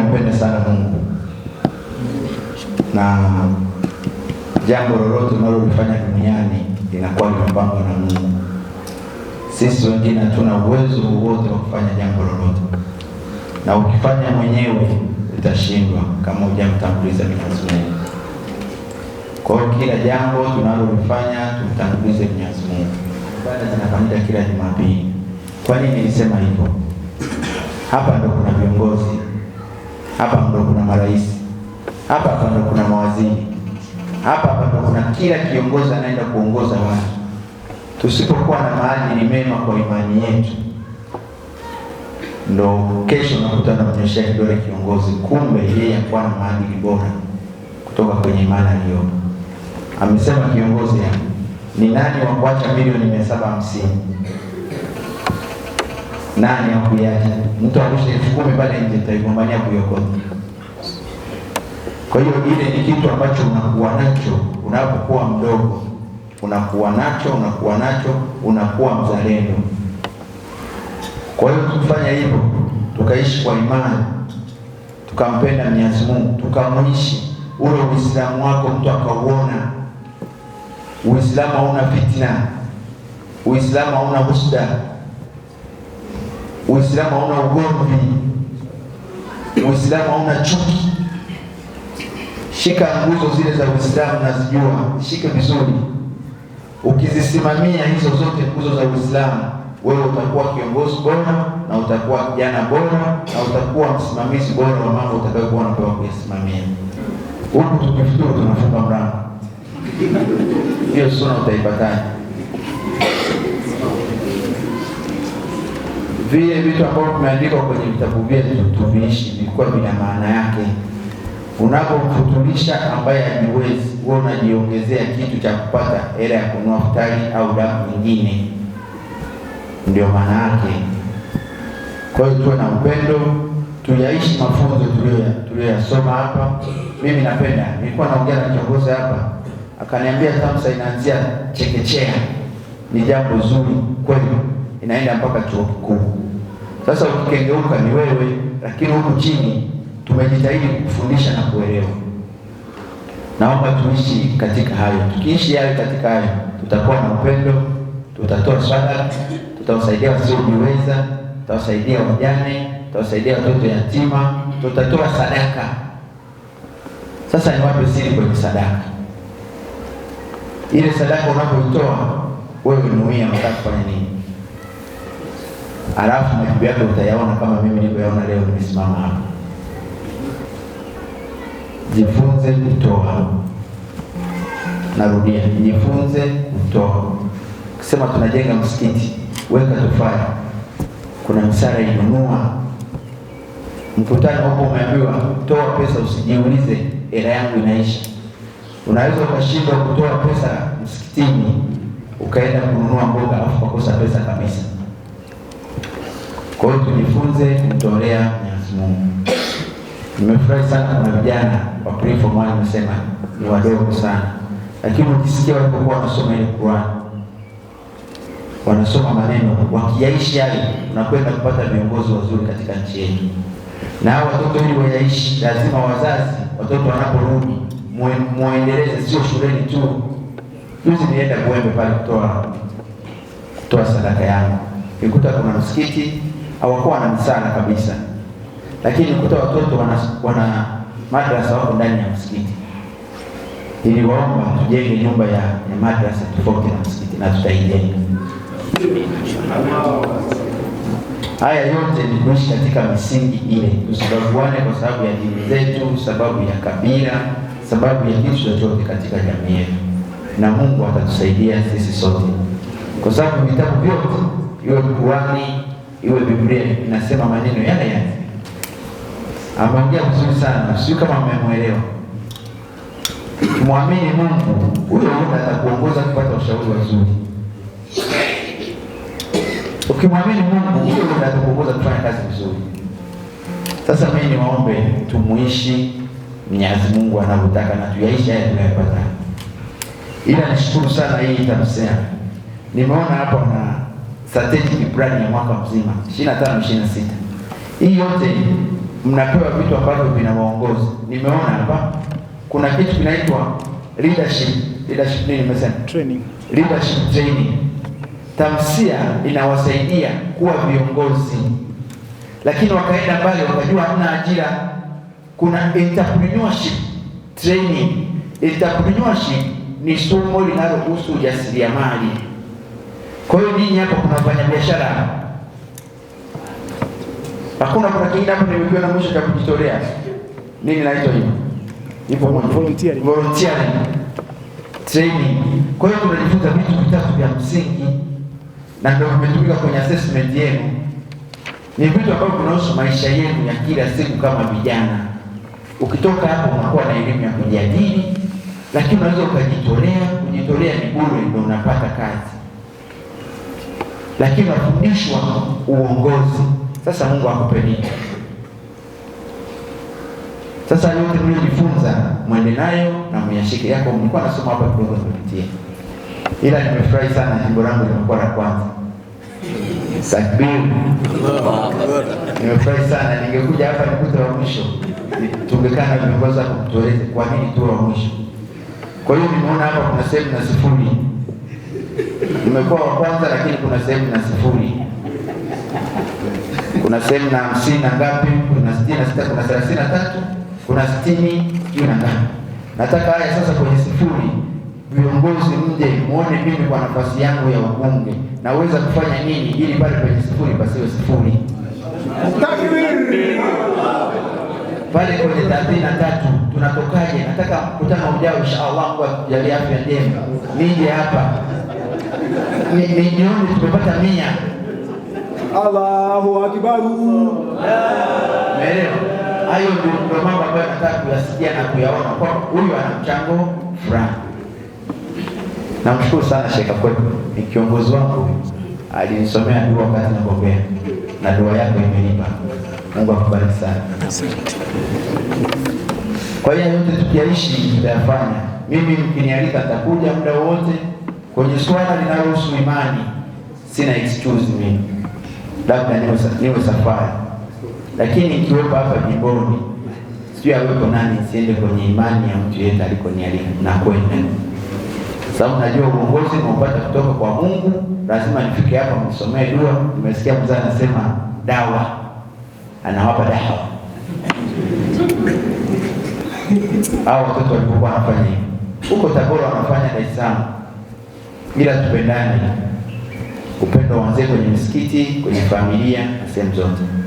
mpende sana Mungu na jambo lolote unalolifanya duniani linakuwa limepangwa na Mungu. Sisi wengine hatuna uwezo wowote wa kufanya jambo lolote, na ukifanya mwenyewe utashindwa kama hujamtanguliza Mwenyezi Mungu. Kwa hiyo kila jambo tunalolifanya tumtangulize Mwenyezi Mungu. Ibada zinafanyika kila Jumapili. Kwa nini nilisema hivyo? Hapa ndo kuna viongozi hapa ndo kuna marais, hapa hapa ndo kuna mawaziri, hapa hapa ndo kuna kila kiongozi anaenda kuongoza watu. Tusipokuwa na maadili mema kwa imani yetu, ndo kesho unakuta namnyeshea kidole kiongozi, kumbe yeye akuwa na maadili bora kutoka kwenye imani aliyo. Amesema kiongozi ya ni nani wa kuacha milioni mia saba hamsini nani akuyaje? Mtu arushe elfu kumi pale nje, tutaigombania kuiokota. Kwa hiyo ile ni kitu ambacho unakuwa nacho unapokuwa mdogo, unakuwa nacho unakuwa nacho unakuwa mzalendo. Kwa hiyo tukifanya hivyo, tukaishi kwa imani, tukampenda Mwenyezi Mungu, tukamwishi ule Uislamu wako, mtu akauona Uislamu hauna fitna, Uislamu hauna husda Uislamu hauna ugomvi, Uislamu hauna chuki. Shika nguzo zile za Uislamu, nazijua, shike vizuri. Ukizisimamia hizo zote nguzo za Uislamu, wewe utakuwa kiongozi bora na utakuwa kijana bora na utakuwa msimamizi bora wa mambo utakayokuwa unapewa kuyasimamia. Huku tukifuturu tunafunga mlango, hiyo suna utaipataje? vile vitu ambavyo vimeandikwa kwenye vitabu vyetu tuviishi, vilikuwa vina maana yake. Unapomfutulisha ambaye hajiwezi, wewe unajiongezea kitu cha kupata hela ya kunua futari au damu nyingine, ndio maana yake. Kwa hiyo tuwe na upendo, tuyaishi mafunzo tuliyoyasoma hapa. Mimi napenda, nilikuwa naongea na kiongozi hapa, akaniambia TAMSA inaanzia chekechea. Ni jambo zuri kweli, inaenda mpaka chuo kikuu. Sasa ukikengeuka ni wewe, lakini huku chini tumejitahidi kufundisha na kuelewa. Naomba tuishi katika hayo. Tukiishi hayo katika hayo, tutakuwa na upendo, tutatoa sadaka, tutawasaidia wasiojiweza, tutawasaidia wajane, tutawasaidia watoto yatima, tutatoa sadaka. Sasa ni wape siri kwenye sadaka. Ile sadaka unapoitoa wewe, nuia unataka kufanya nini? alafu majibu yake utayaona kama mimi nilivyoyaona leo nimesimama hapa. Jifunze kutoa. Narudia, jifunze kutoa. Ukisema tunajenga msikiti, weka tofali, kuna msara inunua. Mkutano hapo umeambiwa toa pesa, usijiulize hela yangu inaisha. Unaweza ukashindwa kutoa pesa msikitini, ukaenda kununua mboga alafu ukakosa pesa kabisa. Kwa hiyo tujifunze kumtolea Mwenyezi Mungu. Nimefurahi sana kuna vijana wa Form One wamesema ni wadogo sana, lakini ukisikia walipokuwa wanasoma ile Qur'an, wanasoma maneno wakiyaishi yale, unakwenda kupata viongozi wazuri katika nchi yetu. Na hao watoto ili wayaishi, lazima wazazi, watoto wanaporudi muendeleze, sio shuleni tu. Juzi nienda Buembe pale kutoa kutoa sadaka yangu, nikuta kuna msikiti hawakuwa na msala kabisa, lakini kuta watoto wana, wana madrasa wako ndani ya msikiti. Niliwaomba tujenge nyumba ya, ya madrasa tofauti na msikiti na tutaijenga. Haya yote ni kuishi katika misingi ile, tusibaguane kwa sababu ya dini zetu, sababu ya kabila, sababu ya kitu chochote katika jamii yetu, na Mungu atatusaidia sisi sote, kwa sababu vitabu vyote iwe Qurani iwe Biblia inasema maneno yale yale. Ameongea vizuri sana, sio kama mmemwelewa. Mwamini Mungu, huyo Mungu atakuongoza kupata ushauri mzuri. Ukimwamini Mungu, huyo Mungu atakuongoza kufanya kazi vizuri. Sasa mimi niwaombe tumuishi Mwenyezi Mungu anavyotaka na tuyaishi haya tunayopata. Ila nishukuru sana hii TAMSEA. Nimeona hapo na strategic plan ya mwaka mzima 25 26. Hii yote mnapewa vitu ambavyo vinawaongoza. Nimeona hapa kuna kitu kinaitwa leadership leadership, nini nimesema training, leadership training. Tamsia inawasaidia kuwa viongozi, lakini wakaenda mbali, wakajua hamna ajira. Kuna entrepreneurship training. Entrepreneurship ni somo linalohusu ujasiriamali kwa hiyo nyinyi hapo kuna wafanyabiashara hapa, hakuna kuna kingine hapo nimekuwa na mwisho cha kujitolea nini naitwa hiyo ipo volunteer volunteer training. Kwa hiyo tunajifunza vitu vitatu vya msingi, na ndio vimetumika kwenye assessment yenu. Ni vitu ambavyo vinahusu maisha yenu ya kila siku kama vijana. Ukitoka hapo unakuwa na elimu ya kujiajiri, lakini unaweza ukajitolea. Kujitolea ni bure, ndio unapata kazi lakini unafundishwa uongozi. Sasa Mungu akupe nini? Sasa yote mliojifunza mwende nayo na myashike yako. Nilikuwa nasoma hapa kidogo nipitie, ila nimefurahi sana, jimbo langu limekuwa la kwanza Nimefurahi sana, ningekuja hapa nikute wa mwisho, tungekana viongozi kumtueleze kwa nini tu wa mwisho. Kwa hiyo nimeona hapa kuna sehemu na sifuri nimekuwa wa kwanza, lakini kuna sehemu na sifuri, kuna sehemu na hamsini na ngapi, kuna sitini na sita, kuna thelathini na tatu, kuna sitini juu na ngapi. Nataka haya sasa kwenye sifuri viongozi mje muone mimi kwa nafasi yangu ya wabunge naweza kufanya nini ili pale kwenye sifuri pasiwe sifuri. Pale kwenye thelathini na tatu tunatokaje? Nataka mkutano ujao insha Allah, Mungu akujalie afya njema, nije hapa ni tumepata mia. Allahu akbaru. Umeelewa? Hayo ndio mambo ambayo nataka kuyasikia na kuyaona kwa huyu ana mchango fulani. Namshukuru sana Sheikh kwetu, ni kiongozi wangu, alinisomea dua wakati nagombea, na dua yako imenipa. Mungu akubariki sana. Kwa hiyo yote tukiyaishi tutayafanya. Mimi mkinialika takuja muda wowote kwenye swala linalohusu imani sina excuse mimi, labda niwe safari, lakini ikiwepo hapa jimboni, sijui aweko nani, siende kwenye imani ya mtu yenda aliko na kwenda, sababu najua uongozi naupata kutoka kwa Mungu. Lazima nifike hapa msomee dua. Nimesikia mzee anasema dawa, anawapa dawa hao watoto walipokuwa wanafanya hivi huko Tabora, wanafanya Dar es Salaam ila tupendane. Upendo uanzie kwenye msikiti, kwenye familia na sehemu zote.